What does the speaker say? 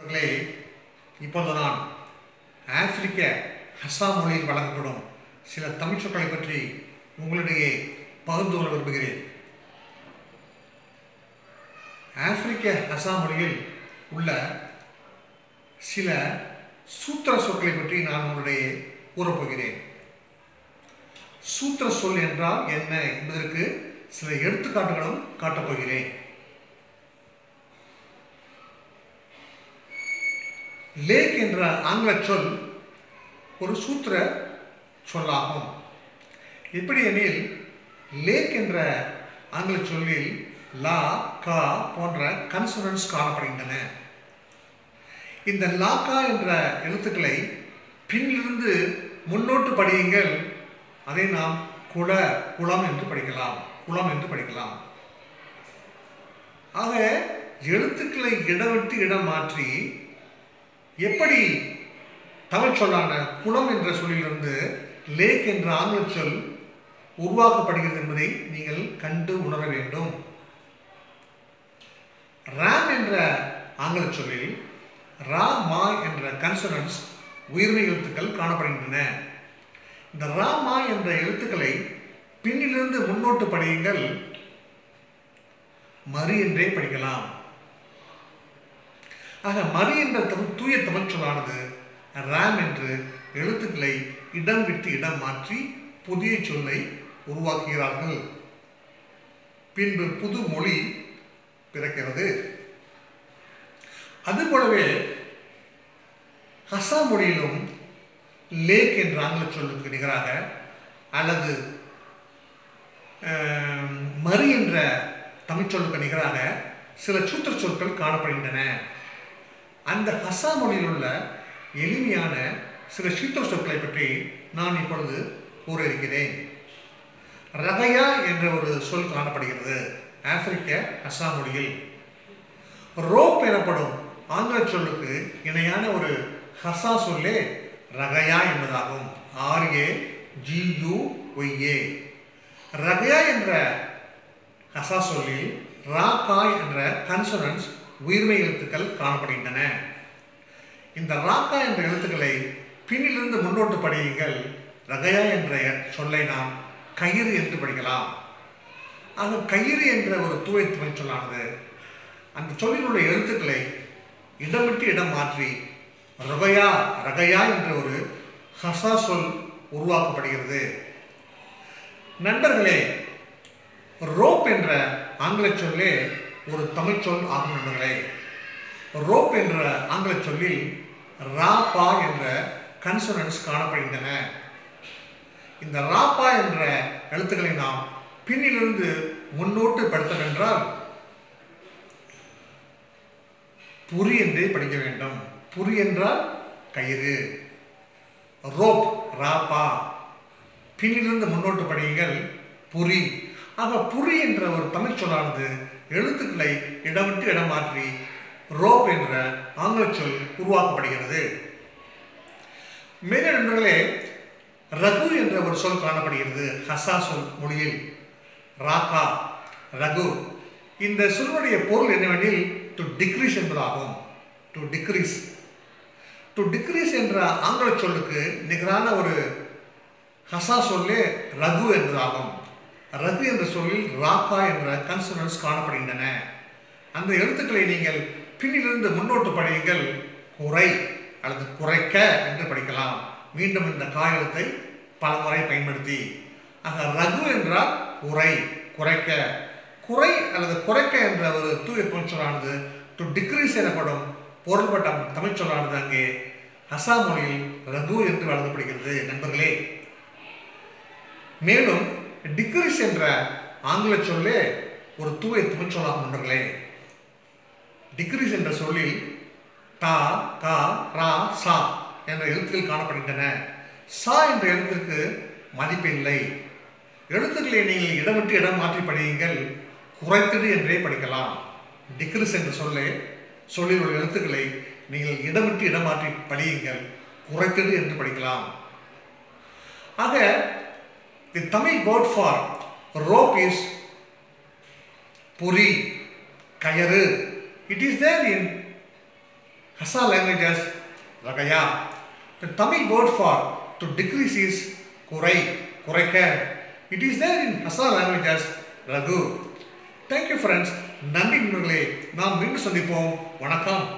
அவர்களே இப்பொழுது நான் ஆப்பிரிக்க ஹசா மொழியில் வழங்கப்படும் சில தமிழ் சொற்களை பற்றி உங்களிடையே பகிர்ந்து கொள்ள விரும்புகிறேன் ஆப்பிரிக்க ஹசா மொழியில் உள்ள சில சூத்திர சொற்களை பற்றி நான் உங்களிடையே கூறப்போகிறேன் சூத்திர சொல் என்றால் என்ன என்பதற்கு சில எடுத்துக்காட்டுகளும் காட்டப்போகிறேன் லேக் என்ற ஆங்கில சொல் ஒரு சூத்திர சொல்லாகும் எப்படி எனில் லேக் என்ற ஆங்கில சொல்லில் லா கா போன்ற கன்சனன்ஸ் காணப்படுகின்றன இந்த லா கா என்ற எழுத்துக்களை பின்னிலிருந்து முன்னோட்டு படியுங்கள் அதை நாம் குல குளம் என்று படிக்கலாம் குளம் என்று படிக்கலாம் ஆக எழுத்துக்களை இடவிட்டு இடம் மாற்றி எப்படி தமிழ் சொல்லான குளம் என்ற சொல்லிலிருந்து லேக் என்ற ஆங்கில சொல் உருவாக்கப்படுகிறது என்பதை நீங்கள் கண்டு உணர வேண்டும் ராம் என்ற ஆங்கில சொல்லில் ரா மா என்ற கன்சனன்ஸ் உயிர்மை எழுத்துக்கள் காணப்படுகின்றன இந்த ரா மா என்ற எழுத்துக்களை பின்னிலிருந்து முன்னோட்டு படியுங்கள் மறு என்றே படிக்கலாம் ஆக மறு என்ற தமிழ் தூய தமிழ்ச்சொலானது ராம் என்று எழுத்துக்களை இடம் விட்டு இடம் மாற்றி புதிய சொல்லை உருவாக்குகிறார்கள் பின்பு புது மொழி பிறக்கிறது அதுபோலவே ஹசா மொழியிலும் லேக் என்ற ஆங்கில சொல்லுக்கு நிகராக அல்லது மறு என்ற தமிழ்ச்சொல்லுக்கு நிகராக சில சூத்திர சொற்கள் காணப்படுகின்றன அந்த ஹசா மொழியில் உள்ள எளிமையான சில சீத்தோ பற்றி நான் இப்பொழுது கூற இருக்கிறேன் ரகையா என்ற ஒரு சொல் காணப்படுகிறது ஆப்பிரிக்க அசாம் மொழியில் ரோப் எனப்படும் ஆங்கில சொல்லுக்கு இணையான ஒரு ஹசா சொல்லே ரகையா என்பதாகும் ஆர்ஏ ஜியு ஒய்ஏ ரகையா என்ற ஹசா சொல்லில் ராகாய் என்ற கன்சனன்ஸ் உயிர்மை எழுத்துக்கள் காணப்படுகின்றன இந்த ராக்கா என்ற எழுத்துக்களை பின்னிலிருந்து முன்னோட்டு படியுங்கள் ரகையா என்ற சொல்லை நாம் கயிறு என்று படிக்கலாம் ஆக கயிறு என்ற ஒரு தூய தமிழ் சொல்லானது அந்த சொல்லில் உள்ள எழுத்துக்களை இடமிட்டு இடம் மாற்றி ரகையா ரகையா என்ற ஒரு ஹசா சொல் உருவாக்கப்படுகிறது நண்பர்களே ரோப் என்ற ஆங்கில சொல்லே ஒரு தமிழ் சொல் ஆகும் நண்பர்களே ரோப் என்ற ஆங்கில சொல்லில் ரா பா என்ற கன்சோனன்ஸ் காணப்படுகின்றன இந்த ராப்பா என்ற எழுத்துக்களை நாம் பின்னிலிருந்து முன்னோட்டு படுத்தவென்றால் புரி என்று படிக்க வேண்டும் புரி என்றால் கயிறு ரோப் ராபா பின்னிலிருந்து முன்னோட்டு படியுங்கள் புரி ஆக புரி என்ற ஒரு தமிழ் சொல்லானது எழுத்துக்களை இடமிட்டு இடம் மாற்றி ரோப் என்ற ஆங்கில சொல் உருவாக்கப்படுகிறது மேலே நண்பர்களே ரகு என்ற ஒரு சொல் காணப்படுகிறது ஹசா சொல் மொழியில் ராகா ரகு இந்த சொல்லுடைய பொருள் என்னவெனில் டு டிக்ரீஸ் என்பதாகும் டு டிக்ரீஸ் டு டிக்ரீஸ் என்ற ஆங்கில சொல்லுக்கு நிகரான ஒரு ஹசா சொல்லே ரகு என்பதாகும் ரகு என்ற சொல்லில் ராப்பா என்ற கன்சனன்ஸ் காணப்படுகின்றன அந்த எழுத்துக்களை நீங்கள் பின்னிலிருந்து முன்னோட்டு படியுங்கள் குறை அல்லது குறைக்க என்று படிக்கலாம் மீண்டும் இந்த காகிதத்தை பல பலமுறை பயன்படுத்தி ஆக ரகு என்றால் குறை குறைக்க குறை அல்லது குறைக்க என்ற ஒரு தூய சொல்லானது டு டிக்ரீஸ் எனப்படும் பொருள்பட்டம் தமிழ் சொல்லானது அங்கே அசாம் மொழியில் ரகு என்று வழங்கப்படுகிறது நண்பர்களே மேலும் டிக்ரிஸ் என்ற ஆங்கில சொல்லே ஒரு தூய தமிழ் நண்பர்களே டிக்ரிஸ் என்ற சொல்லில் தா கா ரா சா என்ற எழுத்துக்கள் காணப்படுகின்றன சா என்ற எழுத்துக்கு மதிப்பு இல்லை எழுத்துக்களை நீங்கள் இடமிட்டு இடம் மாற்றி படியுங்கள் குறைத்தது என்றே படிக்கலாம் டிக்ரிஸ் என்ற சொல்லே சொல்லில் உள்ள எழுத்துக்களை நீங்கள் இடமிட்டு இடமாற்றி படியுங்கள் குறைத்தது என்று படிக்கலாம் ஆக The Tamil word for rope is puri, kayaru. It is there in Hassa languages, ragaya. The Tamil word for to decrease is kurai, kuraikar. It is there in Hassa languages, ragu. Thank you friends நன்றி நண்பர்களே நாம் மீண்டும் சந்திப்போம் வணக்கம்